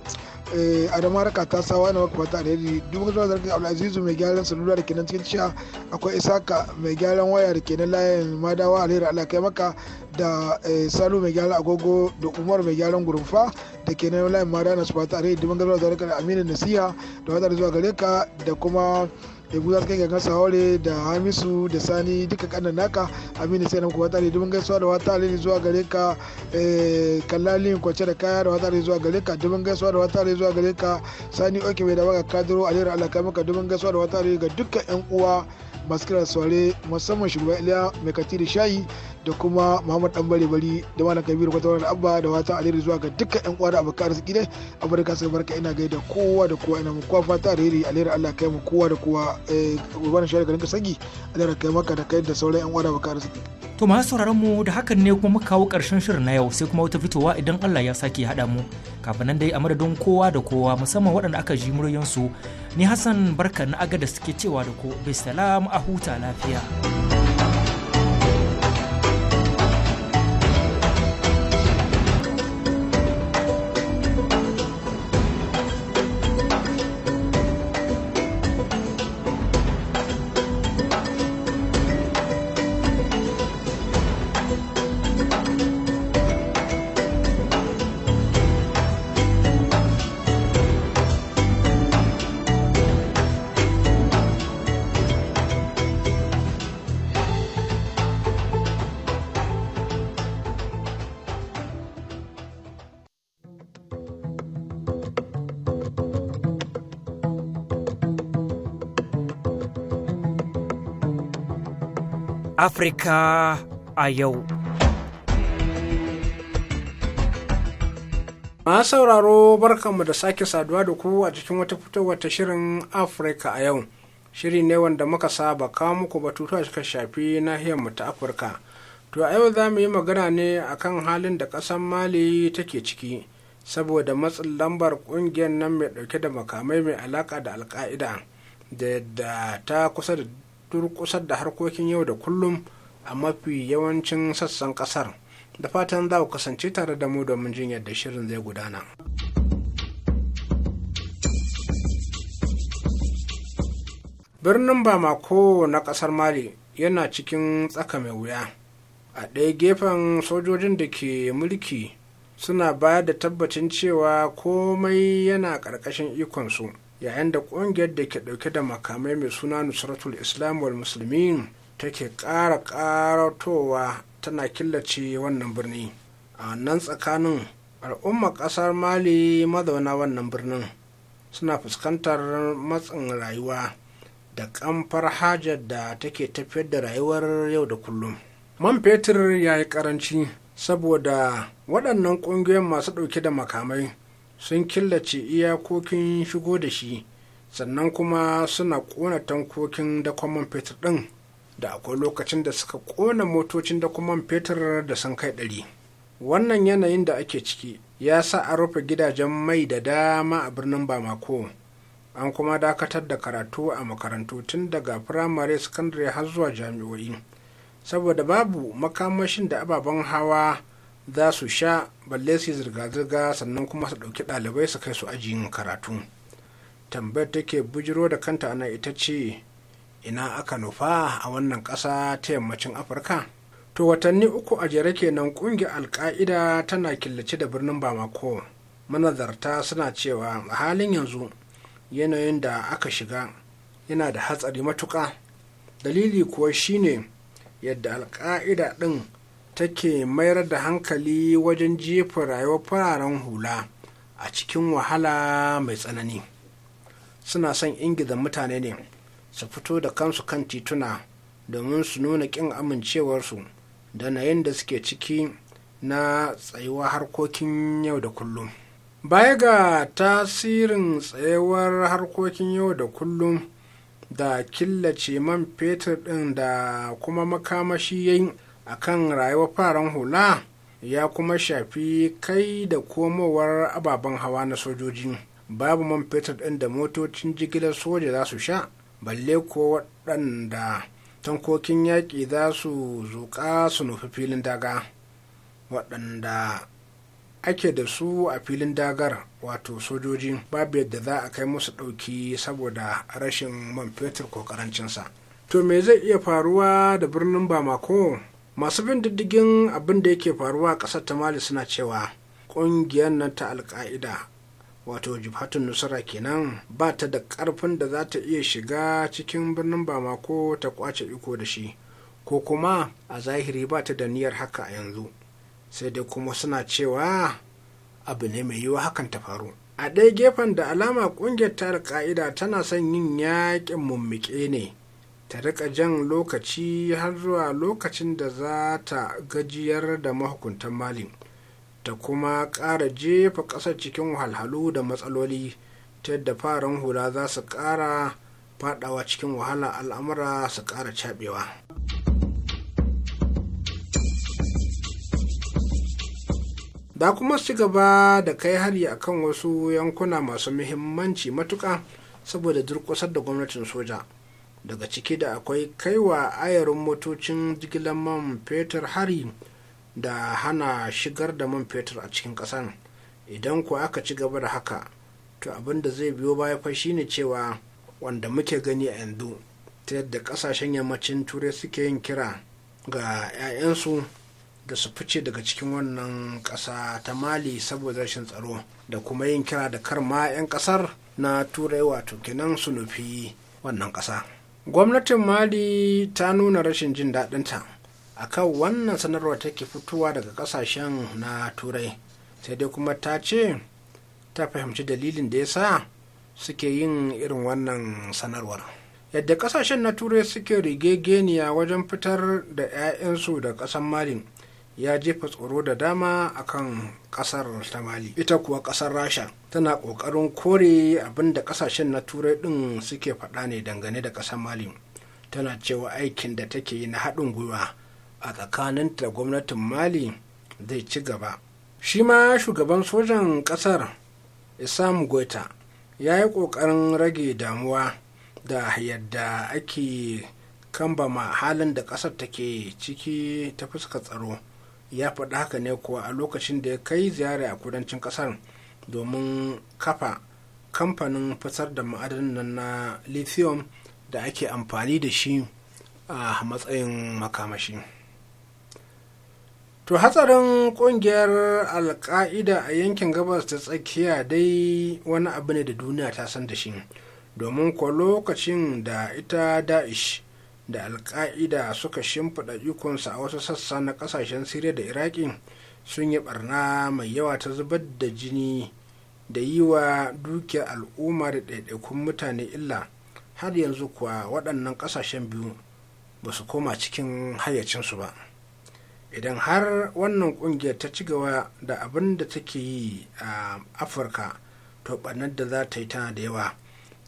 eh, adama raka ta sawa na makamata alheri dubin gaisuwa da zargin abdulazizu mai gyaran salula da kenan cikin ciya akwai isaka mai gyaran waya da kenan layin madawa alheri ala kai maka da eh, salu mai gyaran agogo da umar mai gyaran gurumfa da ke nan layin madawa na su fata alheri dubin gaisuwa da zargin aminu nasiha da wata zuwa gare ka da kuma da guza kai gangan sahore da hamisu da sani duka kanan naka aminu sai nan wata ne dubin gaisuwa da wata ne zuwa gare ka eh, kallalin kwace da kaya da wata ne zuwa gare ka dubin gaisuwa da wata ne zuwa gare ka sani oke mai da baka a alira alaka maka dubin gaisuwa da wata ne ga dukkan yan uwa masu kiran saurare musamman shugaba iliya mai katiri shayi da kuma Muhammad Dan Bare Bari da Malam Kabiru da Abba da watan alheri zuwa ga dukkan yan uwa da abokan arziki dai Amurka sai barka ina gaida kowa da kowa ina mu kowa fata alheri alheri Allah kai mu kowa da kowa eh ubana shari'a garin Kasagi alheri kai maka da kai da sauran yan uwa da abokan arziki to masu sauraron mu da hakan ne kuma muka kawo karshen shirin na yau sai kuma wata fitowa idan Allah ya sake hada mu kafin nan dai a madadin kowa da kowa musamman waɗanda aka ji su ni Hassan barka na aga da suke cewa da ku bisalam a huta lafiya. Afrika a yau. Ma sauraro barkanmu da sake saduwa da ku a cikin wata fitowar ta shirin Afirka a yau. Shiri ne wanda muka saba kawo muku a cikin shafi nahiyar mu ta Afirka. To a yau za mu yi magana ne akan halin da ƙasar Mali take ciki saboda matsin lambar ƙungiyar nan mai ɗauke da makamai mai alaƙa da alka'ida da ta kusa da durƙusar da harkokin yau da kullum a mafi yawancin sassan ƙasar da fatan za ku kasance tare da mu domin jin yadda shirin zai gudana. birnin bamako na kasar mali yana cikin tsaka mai wuya a ɗaya gefen sojojin da ke mulki suna bayar da tabbacin cewa komai yana ƙarƙashin ikonsu yayin da ƙungiyar da ke ɗauke da makamai mai suna nusratul islam wal musulmin take ƙara ƙaratowa tana killace wannan birni a nan tsakanin al'ummar ƙasar mali mazauna wannan birnin suna fuskantar matsin rayuwa da kamfar hajar da take tafiyar da rayuwar yau da kullum man fetur ya yi karanci saboda waɗannan ƙungiyoyin masu ɗauke da makamai sun killace iyakokin shigo da shi sannan kuma suna ƙona tankokin da kwamman fetur ɗin da akwai lokacin da suka ƙona motocin da kwamman fetur da sun kai ɗari wannan yanayin da ake ciki ya sa a rufe gidajen mai da dama a birnin bamako an kuma dakatar da karatu a makarantu tun daga firamare sakandare har zuwa jami'o'i saboda babu makamashin da ababen hawa za su sha balle su zirga-zirga sannan kuma su ɗauki ɗalibai su kai su ajiyin karatu tambayar take bujiro da kanta ana ita ce ina aka nufa a wannan ƙasa ta yammacin afirka to watanni uku a jere kenan ƙungiyar alƙa'ida tana killace da birnin bamako manazarta suna cewa a halin yanzu yanayin da aka shiga yana da hatsari matuƙa dalili kuwa shine yadda alka'ida ɗin take mayar da hankali wajen jefa rayuwar fararen hula a cikin wahala mai tsanani suna son ingiza mutane ne su fito da kansu kan tituna domin su nuna ƙin amincewarsu da yanayin da suke ciki na tsayuwa harkokin yau da kullum baya ga tasirin tsayuwar harkokin yau da kullum da killace man fetur ɗin da kuma makamashi yayin a kan rayuwar faran hula ya kuma shafi kai da komowar ababen hawa na sojoji babu man fetur ɗin da motocin jigilar soja za su sha balle ko waɗanda tankokin yaƙi za su zuƙa su nufi filin daga waɗanda ake da su a filin dagar wato sojoji babu yadda za a kai musu ɗauki saboda rashin man fetur ko ƙarancinsa to me zai iya faruwa da birnin bamako masu bin diddigin abin da yake faruwa a ƙasar tamali suna cewa ƙungiyar nan ta alka'ida wato jibhatun nusra kenan ba ta da ƙarfin da za ta iya shiga cikin birnin bamako ta kwace iko da shi ko kuma a zahiri ba ta da niyyar haka a yanzu sai dai kuma suna cewa abu ne mai yiwuwa hakan ta faru a ɗaya gefen da alama ƙungiyar ta alka'ida tana son yin yaƙin mummuke ne ta rika jan lokaci har zuwa lokacin da za ta gajiyar da mahukuntan malin ta kuma ƙara jefa ƙasar cikin wahalhalu da matsaloli ta yadda faran hula za su ƙara fadawa cikin wahala al'amura su ƙara cabewa. da kuma su gaba da kai hari a kan wasu yankuna masu muhimmanci matuƙa saboda durƙusar da gwamnatin soja. daga ciki da akwai kaiwa ayarin motocin jigilar man fetur hari da hana shigar da man fetur a cikin ƙasar idan ku aka ci gaba da haka to abin da zai biyo baya fa shine cewa wanda muke gani a yanzu ta yadda ƙasashen yammacin turai suke yin kira ga 'ya'yansu da su fice daga cikin wannan ƙasa ta mali saboda rashin tsaro da kuma yin kira da kar ma 'yan ƙasar na turai wato kenan su nufi wannan ƙasa. gwamnatin mali ta nuna rashin jin daɗinta a kan wannan sanarwa take fitowa daga ƙasashen na turai sai dai kuma ta ce ta fahimci dalilin da ya sa suke yin irin wannan sanarwar yadda ƙasashen na turai suke rige geniya wajen fitar da 'ya'yansu da ƙasar mali ya jefa tsoro da dama akan ƙasar ta mali ita kuwa ƙasar rasha tana ƙoƙarin kore abin da ƙasashen na turai ɗin suke faɗa ne dangane da ƙasar mali tana cewa aikin da take yi na haɗin gwiwa a tsakanin da gwamnatin mali zai ci gaba shi ma shugaban sojan ƙasar isam goita ya yi ƙoƙarin rage damuwa da yadda ake kambama halin da ƙasar take ciki ta fuska tsaro ya faɗi haka ne kuwa a lokacin da ya kai ziyara a kudancin ƙasar domin kafa kamfanin fitar da ma'adanin na lithium da ake amfani da shi a matsayin makamashi to hatsarin kungiyar alka'ida a yankin gabas ta tsakiya dai wani abu ne da duniya ta san da shi domin kuwa lokacin da ita da'ish da alka'ida suka shimfiɗa ikonsa a wasu sassa na ƙasashen siriya da iraki sun yi barna mai yawa ta zubar da jini da yi wa dukiyar al'umma da ɗaiɗaikun mutane illa har yanzu kuwa waɗannan ƙasashen biyu ba su koma cikin hayyacinsu ba idan har wannan ƙungiyar ta ci gaba da abin da take yi a afirka to ɓannar da za ta yi tana da yawa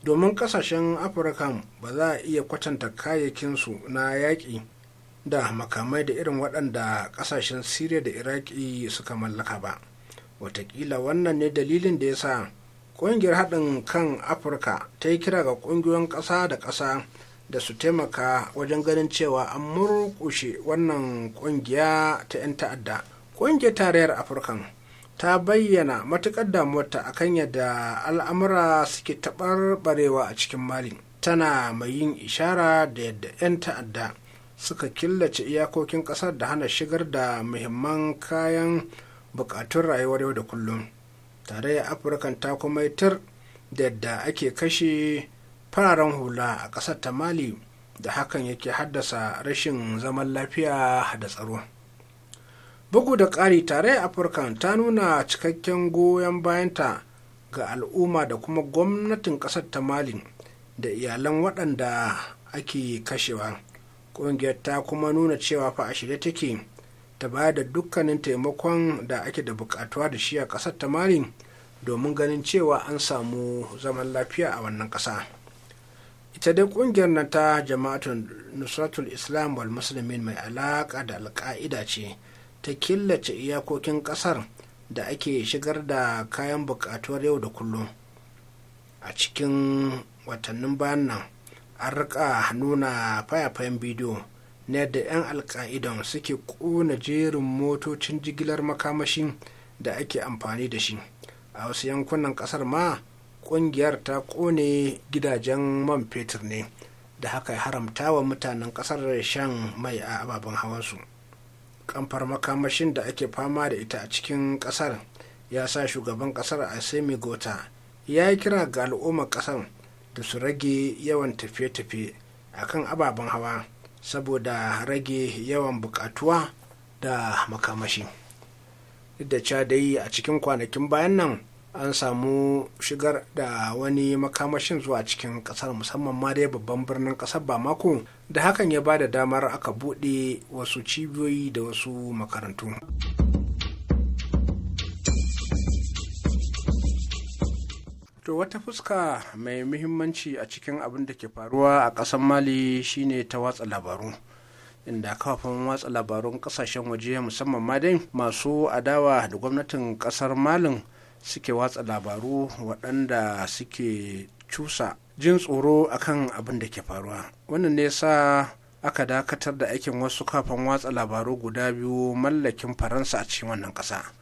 domin ƙasashen afirka ba za a iya kwatanta kayayyakinsu na yaƙi da makamai da irin waɗanda ƙasashen siriya da iraki suka mallaka ba watakila wannan ne dalilin da ya sa ƙungiyar haɗin kan afirka ta yi kira ga ƙungiyoyin ƙasa da ƙasa da su taimaka wajen ganin cewa an murƙushe wannan ƙungiya ta 'yan ta'adda ƙungiyar tarayyar afirkan ta bayyana matuƙar damuwarta akan yadda al'amura suke taɓarɓarewa a cikin mali tana mai yin ishara da yadda 'yan ta'adda suka killace iyakokin ƙasar da hana shigar da muhimman kayan bukatun rayuwar yau da kullum tarayyar afirka ta kuma tir da yadda ake kashe fararen hula a ƙasar ta mali da hakan yake haddasa rashin zaman lafiya da tsaro bugu da ƙari tarayyar afirka ta nuna cikakken goyon bayanta ga al'umma da kuma gwamnatin ƙasar ta mali da iyalan waɗanda ake kashewa ƙungiyar ta kuma nuna cewa fa a shirye take ta bayar da dukkanin taimakon da ake da bukatuwa da shi a ƙasar ta mali domin ganin cewa an samu zaman lafiya a wannan ƙasa ita dai ƙungiyar na ta jama'atun nusratul islam wal musulmin mai alaƙa da alƙa'ida ce ta killace iyakokin ƙasar da ake shigar da kayan buƙatuwar yau da kullum a cikin watannin bayan nan an rika nuna fayafayen bidiyo na da 'yan alka'idan suke kona jerin motocin jigilar makamashin da ake amfani da shi a wasu yankunan kasar ma kungiyar ta kone gidajen man fetur ne da haka haramta wa mutanen kasar shan mai a ababen hawansu kamfar makamashin da ake fama da ita a cikin kasar ya sa shugaban kasar a gota ya yi kira ga al'ummar kasar da su rage yawan tafiye-tafiye a kan ababen hawa saboda rage yawan bukatuwa da makamashi duk da ca dai a cikin kwanakin bayan nan an samu shigar da wani makamashin zuwa cikin kasar musamman ma dai babban birnin kasar mako da hakan ya ba da damar aka buɗe wasu cibiyoyi da wasu makarantu. to wata fuska mai muhimmanci a cikin abin da ke faruwa a ƙasar mali shine ta watsa labaru inda kafin watsa labarun ƙasashen waje musamman ma dai masu adawa da gwamnatin ƙasar malin suke watsa labaru waɗanda suke cusa jin tsoro akan abin da ke faruwa wannan ne sa aka dakatar da aikin wasu kafin watsa labaru guda biyu mallakin faransa a cikin wannan ƙasa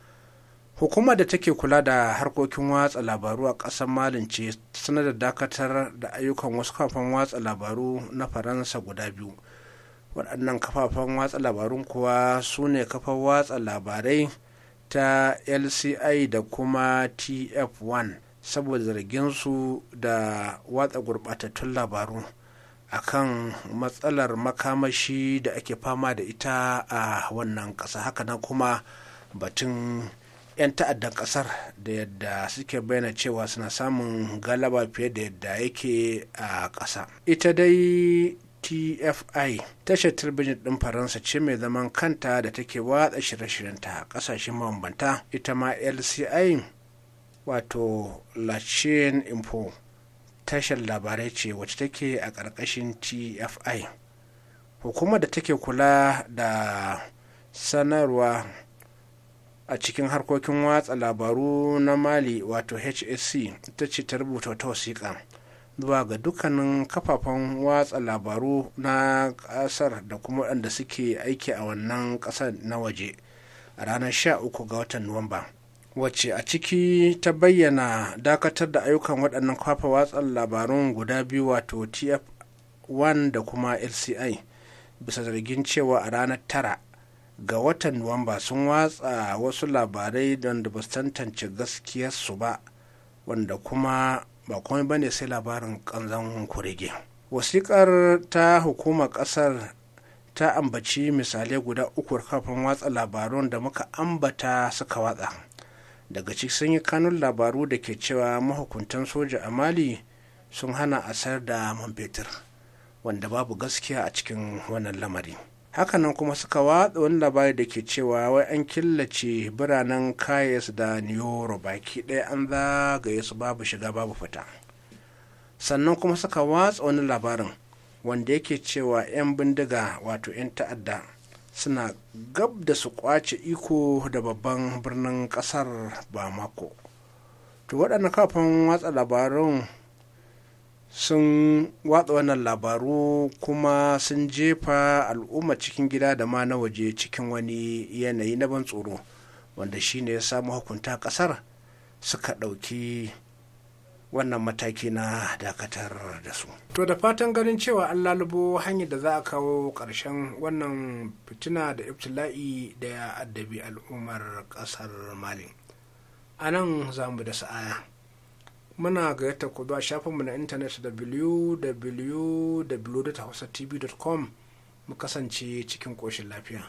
hukumar da take kula da harkokin watsa labaru a ƙasar malin ce sanar da dakatar da ayyukan wasu kafafen watsa labaru na faransa guda biyu waɗannan kafafen watsa labarun kuwa su ne kafar watsa labarai ta lci da kuma tf1 saboda zarginsu da watsa gurɓatattun labaru akan matsalar makamashi da ake fama da ita a wannan ƙasa haka na kuma batun 'yan ta'addan kasar da yadda suke bayyana cewa suna samun galaba fiye da yadda yake a ƙasa ita dai tfi tashar talbijin ɗin faransa ce mai zaman kanta da take watsa shirye-shiryenta a ƙasashen mabambanta ita ma lci wato la chain info tashar labarai ce wacce take a ƙarƙashin tfi hukumar da take kula da sanarwa a cikin harkokin watsa labaru na mali wato hsc ta ce ta rubuta wata wasiƙa zuwa ga dukkanin kafafen watsa labaru na ƙasar da kuma waɗanda suke aiki a wannan ƙasar na waje a ranar 13 ga watan nuwamba wacce a ciki ta bayyana dakatar da ayyukan waɗannan kafa watsa labarun guda biyu wato tf1 da kuma lci bisa zargin cewa a ranar tara ga watan nuwamba sun watsa wasu labarai da ba su tantance gaskiyarsu ba wanda kuma ba komai ba ne sai labarin kanzan kurege Wasikar ta hukumar ƙasar ta ambaci misalai guda uku kafin watsa labarun da muka ambata suka watsa daga ciki sun yi kanun labaru da ke cewa mahukuntan soja a mali sun hana asar da man fetur wanda babu gaskiya a cikin wannan lamari hakanan kuma suka watsa wani labari da ke cewa wai an killace biranen kayes da niyoro baki ɗaya an zagaye su babu shiga babu fita sannan kuma suka watsa wani labarin wanda yake cewa 'yan bindiga wato 'yan ta'adda suna gab da su kwace iko da babban birnin kasar bamako to waɗannan kafin watsa labarin? sun watsa wannan labaru kuma sun jefa al'umma cikin gida da ma na waje cikin wani yanayi na ban tsoro wanda shi ne ya samu hukunta kasar suka ɗauki wannan mataki na dakatar da su. To da fatan ganin cewa an lalubo hanyar da za a kawo ƙarshen wannan fitina da ibtila'i da ya addabi al'ummar ƙasar Mali. A nan za mu da sa'aya. muna gayyata ku zuwa shafinmu na intanet www.hausatv.com mu kasance cikin koshin lafiya.